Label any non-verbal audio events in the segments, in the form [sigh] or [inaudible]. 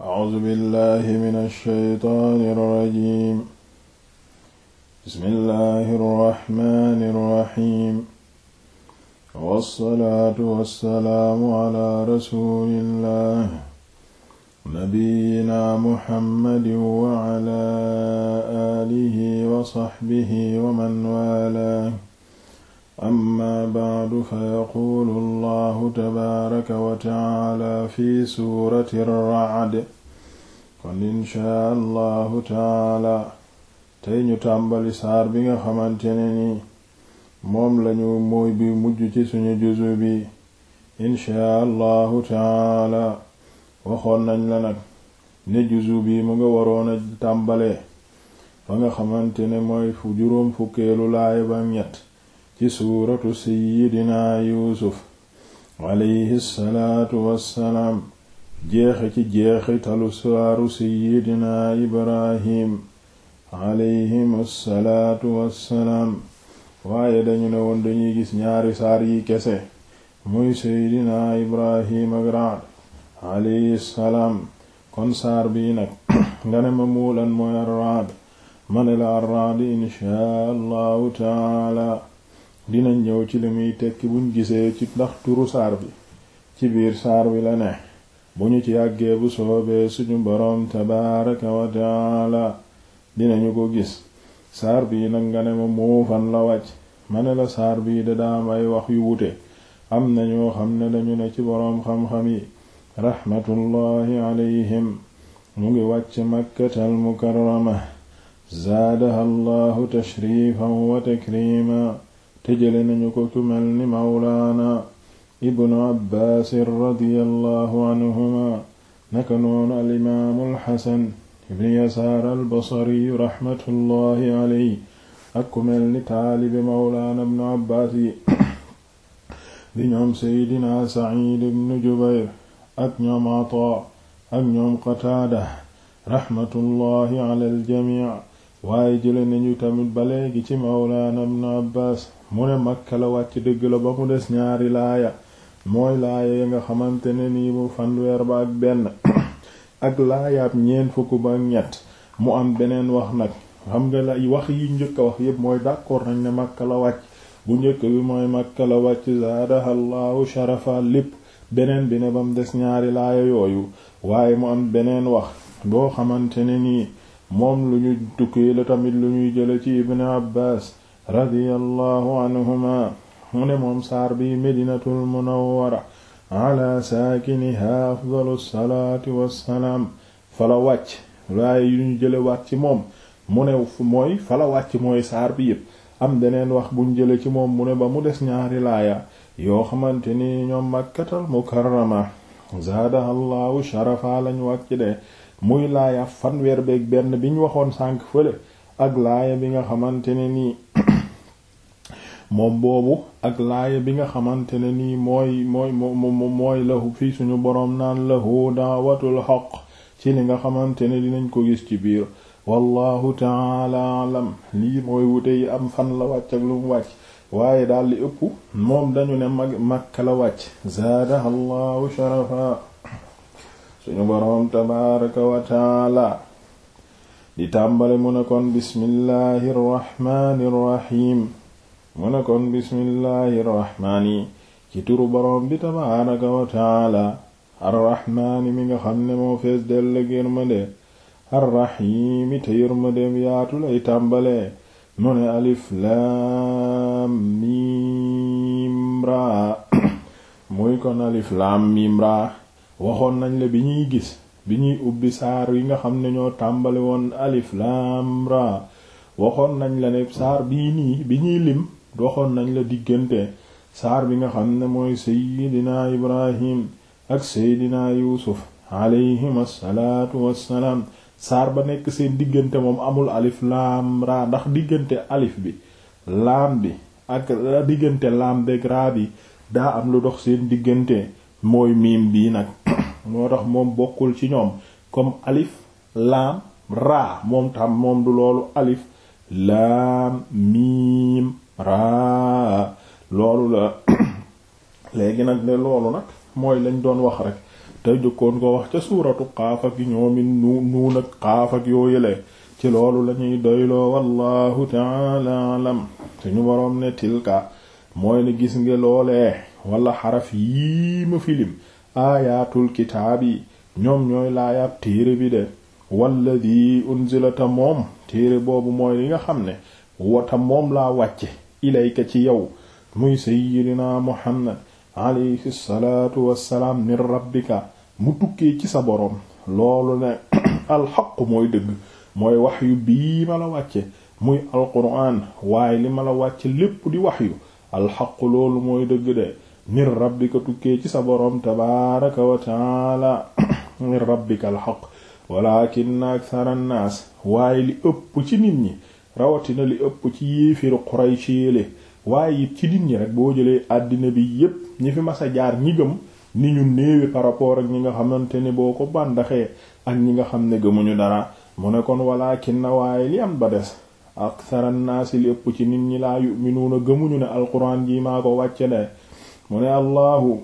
A'uuzu billaahi mina shaytaani rajiim. Bismillaahi rahmaani rahiim. Wassalaatu wassalaamu alaa rasuulillaahi nabiyyinaa Muhammadin wa alaa aalihi wa sahbihi wa man waalaahu. amma bacdu fa yaquulu allahu tabaaraka wa tacaala fi suurati racd kon inchaa allahu tacaala tey ñu tàmbali saar bi nga xamante ne ni moom lañu mooy bi mujj ci suñu juzu bi inchaa allahu tacaala waxoon nañ la nag ne juzu mu nga waroon a tàmbalee fa nga xamante ne mooy fu juróom fukkeelu laay ba ñett ci suuratu seyyidina yuusuf alayhi salaatu wassalaam jeexe ci jeexitalu saaru seyyidina ibrahim alayhim salaatu wassalaam waaye dañu ne woon dañuy gis ñaari saar yi kese muy seydina ibrahim ak raad alayhi salaam kon saar bii nag [coughs] nga ne ma muulan mooy ar raad ma ne la ar raad inshaa allahu taala dinañ ñëw ci li muy tekki buñ gisee ci ndax turu saar bi ci biir saar bi la ne bu ñu ci yàggee bu soobee suñu boroom tabaaraka wa taala dinañu ko gis saar bii nag nga ne ma moo fan la wàcc ma ne la saar bii da daam ay wax yu wute am na ñoo xam ne dañu ne ci boroom xam-xam yi raxmatullaahi alayhim mu ngi wàcc makkatal mukarrama zaadaha allahu te jële nañu ko ku mel ni mawlaana ibnu abbaasin radiyallahu anhuma naka noonu al imaamu alxasan ibnu yasaar albasariyu raxmatullahi aley ak ku mel ni taalibe mawlaana ibnu abbaas yi di ñoom seydina saciid ibnu jubayr ak ñoom ataa ak ñoom qataada raxmatullahi ala aljamic waaye jële nañu tamit ba léegi ci mawlaana na Abbaas mu ne Makka la wàcc dëgg la ba mu des ñaari laaya mooy laaya ya nga xamante ne nii bu fanweer ba ak benn [coughs] ak laayaab ñeent fukk ba ak ñett mu am beneen wax nag xam nga la wax yi njëkk a wax yépp mooy d'accord nañ ne Makka la wàcc bu njëkk bi mooy Makka la wàcc zaadaha Allahu sharafa lépp beneen bi ne ba mu des ñaari laaya yooyu waaye mu am beneen wax boo xamante ne nii moom lu ñu tukkee la tamit lu ñuy jële ci ibn abbas radiyallahu anhuma mu ne moom saar bi medinatul munawwara ala saakiniha afdalu salaati wassalaam fala wàcc waaye yu ñu jële waat ci moom mu ne mooy fala wàcc mooy saar bi yépp am deneen wax buñ jële ci moom mu ne ba mu des ñaari laaya yoo xamante ni ñoom makkatal mukarrama zaadaha allahu sharafa lañ wàcc de muy laaya fanweer beeg benn ñu waxoon sànq fële ak laaya bi nga xamante ne nii [coughs] moom boobu ak laaya bi nga xamante ne nii mooy mooy la lahu fii suñu boroom naan lahu daawatul xaq ci li nga xamante ne dinañ ko gis ci biir wallahu taala alam lii mooy wute yi am fan la wàcc ak lu mu wàcc waaye daal di ëpp moom dañu ne mag Makka la wàcc zaadaha allahu sharafa suñu boroom tabaaraka wa taala di tàmbale mu kon bismillaahi rrahmaani kon bismillaahi rrahmaani ci bi tabaaraka wa taala mi nga xam ne moo fees dell yërmande arrahiimi te yërmandeem yaatu lay tàmbale mu ne alif [coughs] waxoon nañ la bi ñuy gis bi ñuy ubbi saar yi nga xam ne ñoo tàmbali woon alif lam ra waxoon nañ la ne saar bii nii bi ñuy lim waxoon nañ la diggante saar bi nga xam ne mooy seydinaa ibrahim ak seydinaa yuusuf alayhim assalaatu wassalaam saar ba nekk seen diggante moom amul alif laam ra ndax diggante alif bi laam bi ak diggante laam beeg daa am lu dox seen diggante mooy miim bii nag moo tax moom bokkul ci ñoom comme alif laam raa moom tam moom du loolu alif laam miim raa loolu la [coughs] léegi nag ne loolu nag mooy lañ doon wax rek te jëkkoon ko wax ca suuratu qaaf ak ñoomin nu nuun ak qaaf ak yoo yëlee ci loolu lañuy doyloo wallahu taala alam suñu boroom ne tilka mooy ne gis nga loolee wala xaraf yii ma filim aayaatul kitaabi ñoom ñooy laayaab téere bi de walladi unzila ta moom téere boobu mooy li nga xam ne wata moom laa wàcce ilayka ci yow muy sayyidina muhammad alayhi salaatu wassalaam min rabbika mu tukkee ci sa boroom loolu ne [clears throat] alxaqu mooy dëgg mooy waxyu bii ma la wàcce muy alquraan waaye li ma la wàcce lépp di waxyu alxaqu loolu mooy dëgg de min rabbika tukkee ci sa boroom tabaaraka wa taala [clears throat] min rabbika alxaq walakinna akthara annaas waaye li ëpp ci nit ñi rawatina li ëpp ci yéefiru Quraysh yéele waaye it ci nit ñi rek boo jëlee àddina bi yépp ñi fi masa jaar ñi gëm ni ñu néewi par rapport ak ñi nga xamante ni boo ko bàndaxee ak ñi nga xam ne gëmuñu dara mu ne kon walakinna waaye li am ba des akthara annaas li ëpp ci nit ñi laa yu'minuuna gëmuñu ne alquran ji maa ko wàcce de mu ne allahu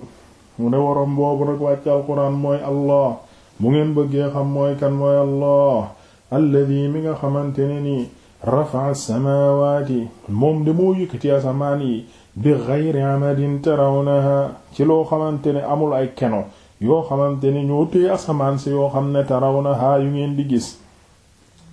mu ne waroom boobu nag wàcc alquran mooy allah bu ngeen bëggee xam mooy kan mooy allah alladi mi nga xamante ne nii rafa'a samaawaati moom de moo yëkkati asamaan yi bi ghayri amadin tarawnaha ci loo xamante ne amul ay keno yoo xamante ne ñoo téye asamaan si yoo xam ne tarawnaha yu ngeen di gis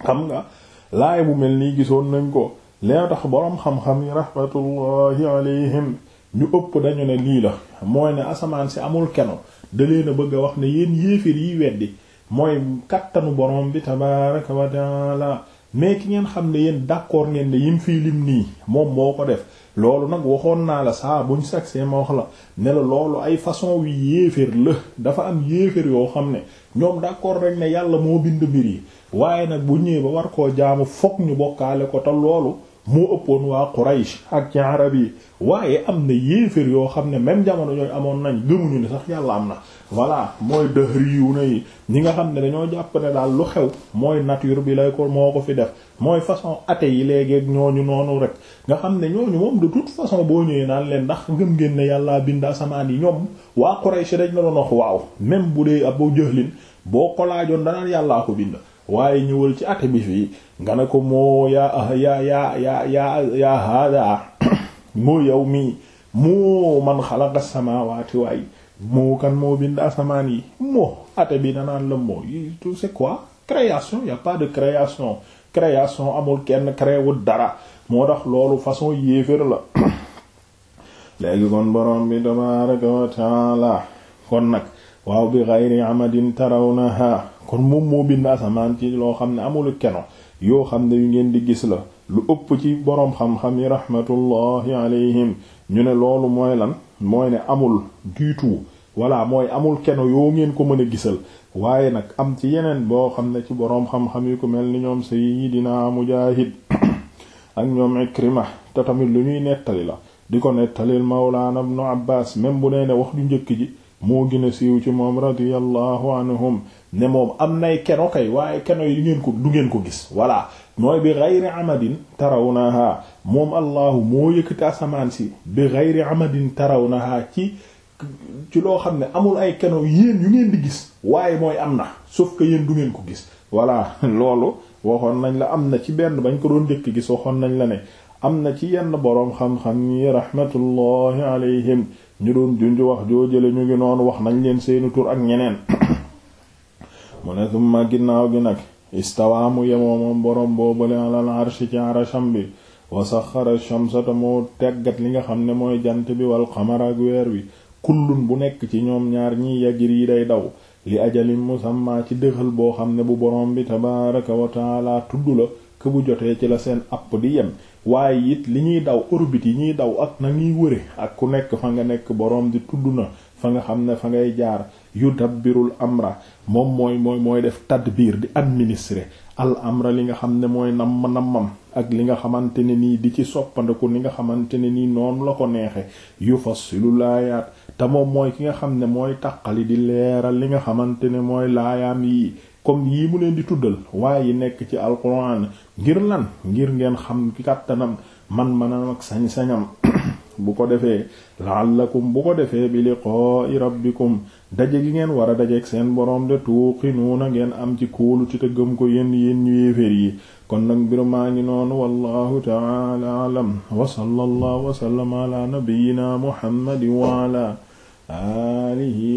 xam nga laay bu mel nii gisoon nañ ko lee boroom xam-xam yi rahmatullahi alayhim ñu ëpp dañu ne lii la mooy ne asamaan si amul keno da leen bëgg a wax ne yéen yéeféer yi weddi mooy kattanu borom bi tabaraka wa la mais ki ngeen xam ne yéen d'accord ngeen ne yim fii lim nii moom moo ko def loolu nag waxoon naa la saa buñ sagsee ma wax la ne la loolu ay façon wi yéeféer la dafa am yéeféer yoo xam ne ñoom d'accord rek ne yàlla moo bind mbir yi waaye nag bu ñëwee ba war koo jaamu fokk ñu bokkaale ko te loolu moo ëppoon waa Quraysh ak ci arab yi waaye am na yéefér yoo xam ne même jamono yooyu amoon nañ gëmuñu ne sax yàlla am na voilà mooy dëhri yu na yi ñi nga xam ne dañoo jàpp ne daal lu xew mooy nature bi lay moo ko fi def mooy façon athée yi léegi ñooñu noonu rek nga xam ne ñooñu moom du toute façon boo ñëwee naan leen ndax ngëm ngeen ne yàlla bind asamaan yi ñoom waa Quraysh dañ la doon wax waaw même bu dee Abu Jahlin boo ko laajoon danaan yàllaa ko bind waaye ñëwal ci ate bi fii nga ne ko moo yaa yaa yaa yaa yaa yaa hada [coughs] moo yow mii moo man xalaqa samawati waay moo kan moo bind asamaan yi moo ate bi danaan la moo tout c'est quoi création y pas de création création amul kenn créé dara moo tax loolu façon yéefér la [coughs] léegi kon borom bi tabaraka wa taala kon nag waaw bi ghayri amadin tarawnaha kon moom moo bind asamaan ci loo xam ne amul keno yoo xam ne yu ngeen di gis la lu ëpp ci boroom xam-xam yi rahmatullahi alayhim ñu ne loolu mooy lan mooy ne amul du tout voilà mooy amul keno yoo ngeen ko mën a gisal waaye nag am ci yeneen boo xam ne ci boroom xam-xam yi ko mel ni ñoom sayyidina Mujaahid [coughs] ak ñoom Ikrima te tamit lu ñuy nettali la di ko nettalil Mawlaana Ibnu Abbaas même bu nee ne wax du njëkk ji moo gën a siiw ci moom radiyallahu anhum ne moom am nay keno kay waaye keno yi ngeen ko du ngeen ko gis voilà mooy bi gayri amadin tarawnaha moom allahu moo yëkkati asamaan si bi gayri amadin tarawnaha ci ci loo xam ne amul ay keno yéen yu ngeen di gis waaye mooy am na sauf que yéen du ngeen ko gis voilà [laughs] loolu waxoon nañ la am na ci benn bañ ko doon jëkk gis waxoon nañ la ne am na ci yenn boroom xam-xam yi rahmatullahi alayhim ñu doon junj wax joo jële ñu ngi noonu wax nañ leen seeni tur ak ñeneen [coughs] mu ne summa ginnaaw gi nag istawaa mu yemoo moom boroom boobale alal arshi ci arasham bi wa saxara shamsa moo teggat li nga xam ne mooy jant bi wal qamara ak weer wi kullun bu nekk ci ñoom ñaar ñi yajir yi day daw li ajalin musamma ci dëxal boo xam ne bu boroom bi tabaaraka wa tudd la que bu jotee ci la seen app di yem waaye it li ñuy daw orbite yi ñuy daw ak na ñuy wëre ak ku nekk fa nga nekk boroom di tudd na fa nga xam ne fa ngay jaar yudabbirul amra moom mooy mooy mooy def biir di administrer al amra li nga xam ne mooy nam nammam ak li nga xamante ne nii di ci soppandiku ni nga xamante ne nii noonu la ko neexe yufassilu laayaat te moom mooy ki nga xam ne mooy taqali di leeral li nga xamante mooy laayaam yi comme yii mu leen di tuddal waaye yi nekk ci alquran ngir lan ngir ngeen xam kàttanam man-manam ak sañ-sañam [coughs] bu ko defee la'allakum bu ko defee bi liqaa'i rabbikum daje gi ngeen war a dajeeg seen boroom de tuuqinuuna ngeen am ci kóolu ci te gëm ko yéen yéen ñu yi kon nag mbir maa ngi noonu wallahu ta'ala a'lam wa sallallahu wa sallama ala nabiyyina muhammadin wa ala alihi